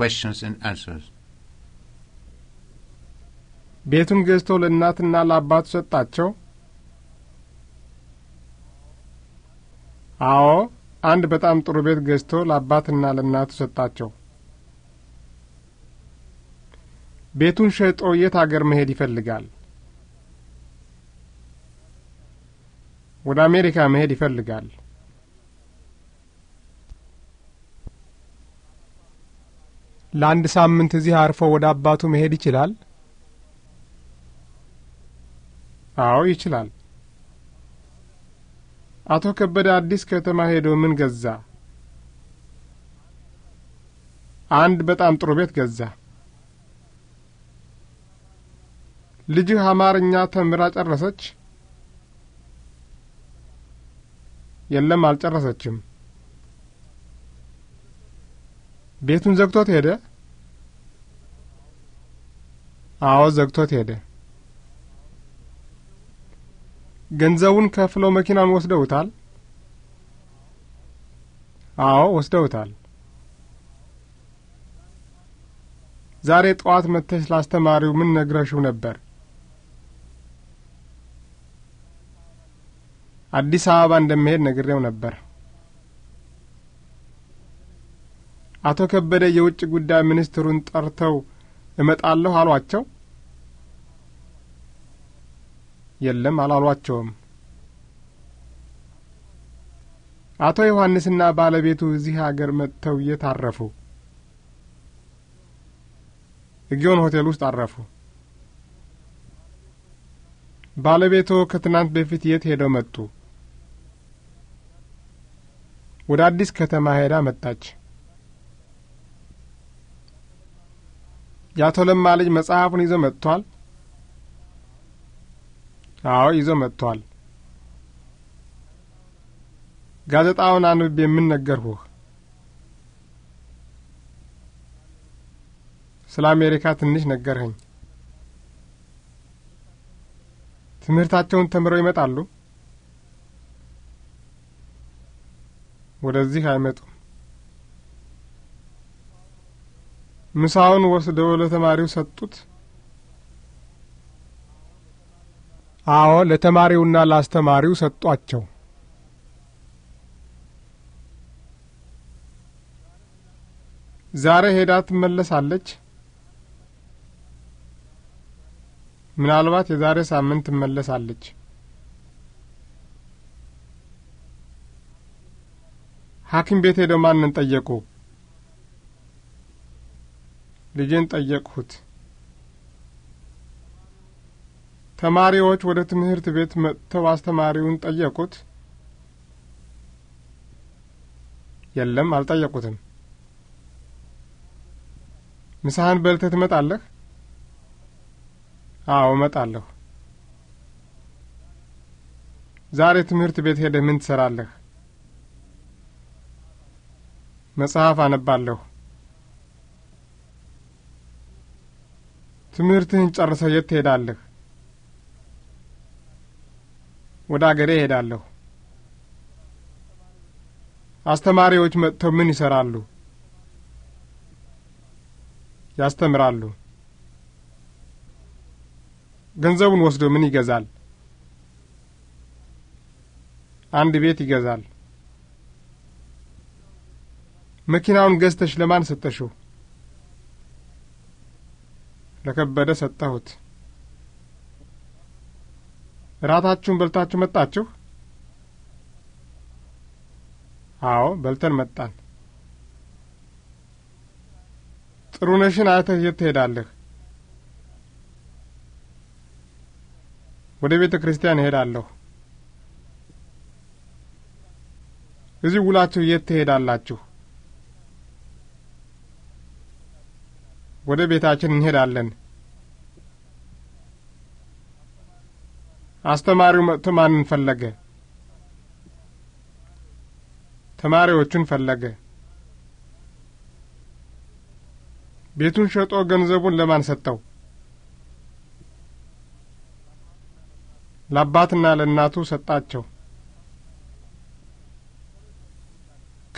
questions and answers. ቤቱን ገዝቶ ለእናትና ለአባቱ ሰጣቸው? አዎ፣ አንድ በጣም ጥሩ ቤት ገዝቶ ለአባትና ለእናቱ ሰጣቸው። ቤቱን ሸጦ የት አገር መሄድ ይፈልጋል? ወደ አሜሪካ መሄድ ይፈልጋል። ለአንድ ሳምንት እዚህ አርፎ ወደ አባቱ መሄድ ይችላል? አዎ ይችላል። አቶ ከበደ አዲስ ከተማ ሄዶ ምን ገዛ? አንድ በጣም ጥሩ ቤት ገዛ። ልጅህ አማርኛ ተምራ ጨረሰች? የለም፣ አልጨረሰችም። ቤቱን ዘግቶት ሄደ? አዎ ዘግቶት ሄደ። ገንዘቡን ከፍለው መኪናን ወስደውታል? አዎ ወስደውታል። ዛሬ ጠዋት መጥተሽ ላስተማሪው ምን ነግረሽው ነበር? አዲስ አበባ እንደመሄድ ነግሬው ነበር። አቶ ከበደ የውጭ ጉዳይ ሚኒስትሩን ጠርተው እመጣለሁ አሏቸው? የለም አላሏቸውም። አቶ ዮሐንስና ባለቤቱ እዚህ አገር መጥተው የት አረፉ? ጊዮን ሆቴል ውስጥ አረፉ። ባለቤቱ ከትናንት በፊት የት ሄደው መጡ? ወደ አዲስ ከተማ ሄዳ መጣች። የአቶ ለማ ልጅ መጽሐፉን ይዞ መጥቷል? አዎ ይዞ መጥቷል። ጋዜጣውን አንብቤ የምንነገርሁህ ስለ አሜሪካ ትንሽ ነገርኸኝ። ትምህርታቸውን ተምረው ይመጣሉ? ወደዚህ አይመጡም። ምሳውን ወስደው ለተማሪው ሰጡት? አዎ፣ ለተማሪውና ለአስተማሪው ሰጧቸው። ዛሬ ሄዳ ትመለሳለች? ምናልባት የዛሬ ሳምንት ትመለሳለች። ሐኪም ቤት ሄደው ማንን ጠየቁ? ልጄን ጠየቅሁት። ተማሪዎች ወደ ትምህርት ቤት መጥተው አስተማሪውን ጠየቁት? የለም፣ አልጠየቁትም። ምሳህን በልተህ ትመጣለህ? አዎ፣ እመጣለሁ። ዛሬ ትምህርት ቤት ሄደህ ምን ትሰራለህ? መጽሐፍ አነባለሁ። ትምህርትህን ጨርሰህ የት ትሄዳለህ? ወደ አገሬ እሄዳለሁ። አስተማሪዎች መጥተው ምን ይሰራሉ? ያስተምራሉ። ገንዘቡን ወስዶ ምን ይገዛል? አንድ ቤት ይገዛል። መኪናውን ገዝተሽ ለማን ሰጠሽው? ለከበደ ሰጠሁት። እራታችሁን በልታችሁ መጣችሁ? አዎ በልተን መጣን። ጥሩነሽን አይተህ የት ትሄዳለህ? ወደ ቤተ ክርስቲያን እሄዳለሁ። እዚህ ውላችሁ የት ትሄዳላችሁ? ወደ ቤታችን እንሄዳለን። አስተማሪው መጥቶ ማንን ፈለገ? ተማሪዎቹን ፈለገ። ቤቱን ሸጦ ገንዘቡን ለማን ሰጠው? ለአባትና ለእናቱ ሰጣቸው።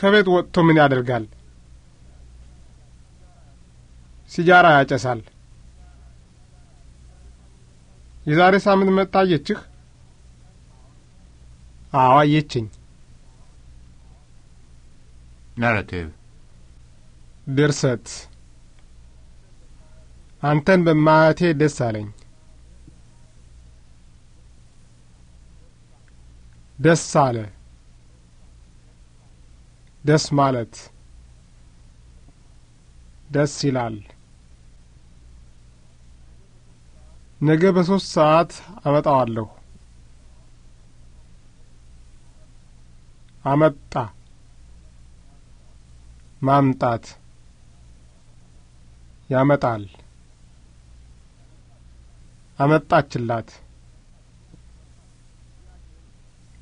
ከቤት ወጥቶ ምን ያደርጋል? ሲጃራ ያጨሳል። የዛሬ ሳምንት መጥታ አየችህ? አዎ አየችኝ። ናራቲቭ ድርሰት አንተን በማየቴ ደስ አለኝ። ደስ አለ። ደስ ማለት ደስ ይላል። ነገ በሶስት ሰዓት አመጣዋለሁ። አመጣ ማምጣት ያመጣል። አመጣችላት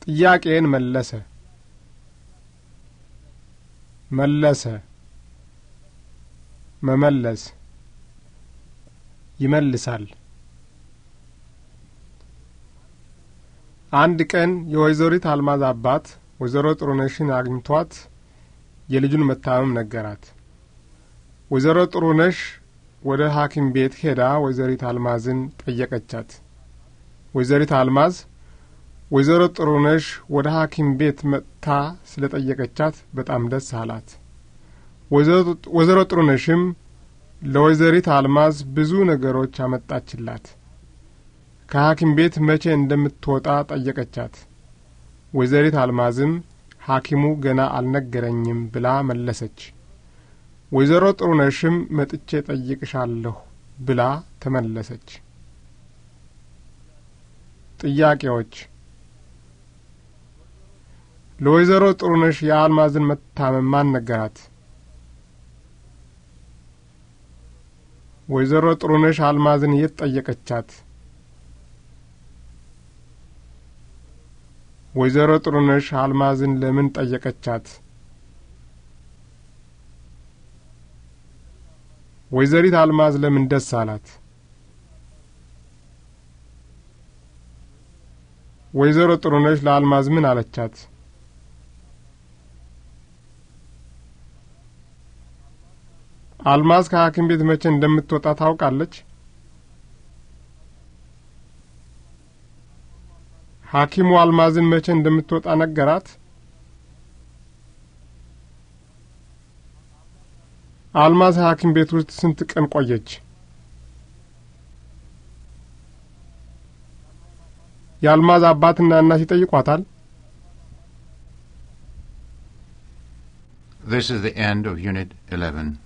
ጥያቄን መለሰ መለሰ መመለስ ይመልሳል። አንድ ቀን የወይዘሪት አልማዝ አባት ወይዘሮ ጥሩነሽን አግኝቷት የልጁን መታመም ነገራት። ወይዘሮ ጥሩነሽ ወደ ሐኪም ቤት ሄዳ ወይዘሪት አልማዝን ጠየቀቻት። ወይዘሪት አልማዝ ወይዘሮ ጥሩነሽ ወደ ሐኪም ቤት መጥታ ስለ ጠየቀቻት በጣም ደስ አላት። ወይዘሮ ጥሩነሽም ለወይዘሪት አልማዝ ብዙ ነገሮች አመጣችላት። ከሐኪም ቤት መቼ እንደምትወጣ ጠየቀቻት። ወይዘሪት አልማዝም ሐኪሙ ገና አልነገረኝም ብላ መለሰች። ወይዘሮ ጥሩነሽም መጥቼ ጠይቅሻለሁ ብላ ተመለሰች። ጥያቄዎች ለወይዘሮ ጥሩነሽ የአልማዝን መታመም ማን ነገራት? ወይዘሮ ጥሩነሽ አልማዝን የት ጠየቀቻት? ወይዘሮ ጥሩነሽ አልማዝን ለምን ጠየቀቻት? ወይዘሪት አልማዝ ለምን ደስ አላት? ወይዘሮ ጥሩነሽ ለአልማዝ ምን አለቻት? አልማዝ ከሐኪም ቤት መቼ እንደምትወጣ ታውቃለች? ሐኪሙ አልማዝን መቼ እንደምትወጣ ነገራት። አልማዝ ሐኪም ቤት ውስጥ ስንት ቀን ቆየች? የአልማዝ አባትና እናት ይጠይቋታል። This is the end of Unit 11.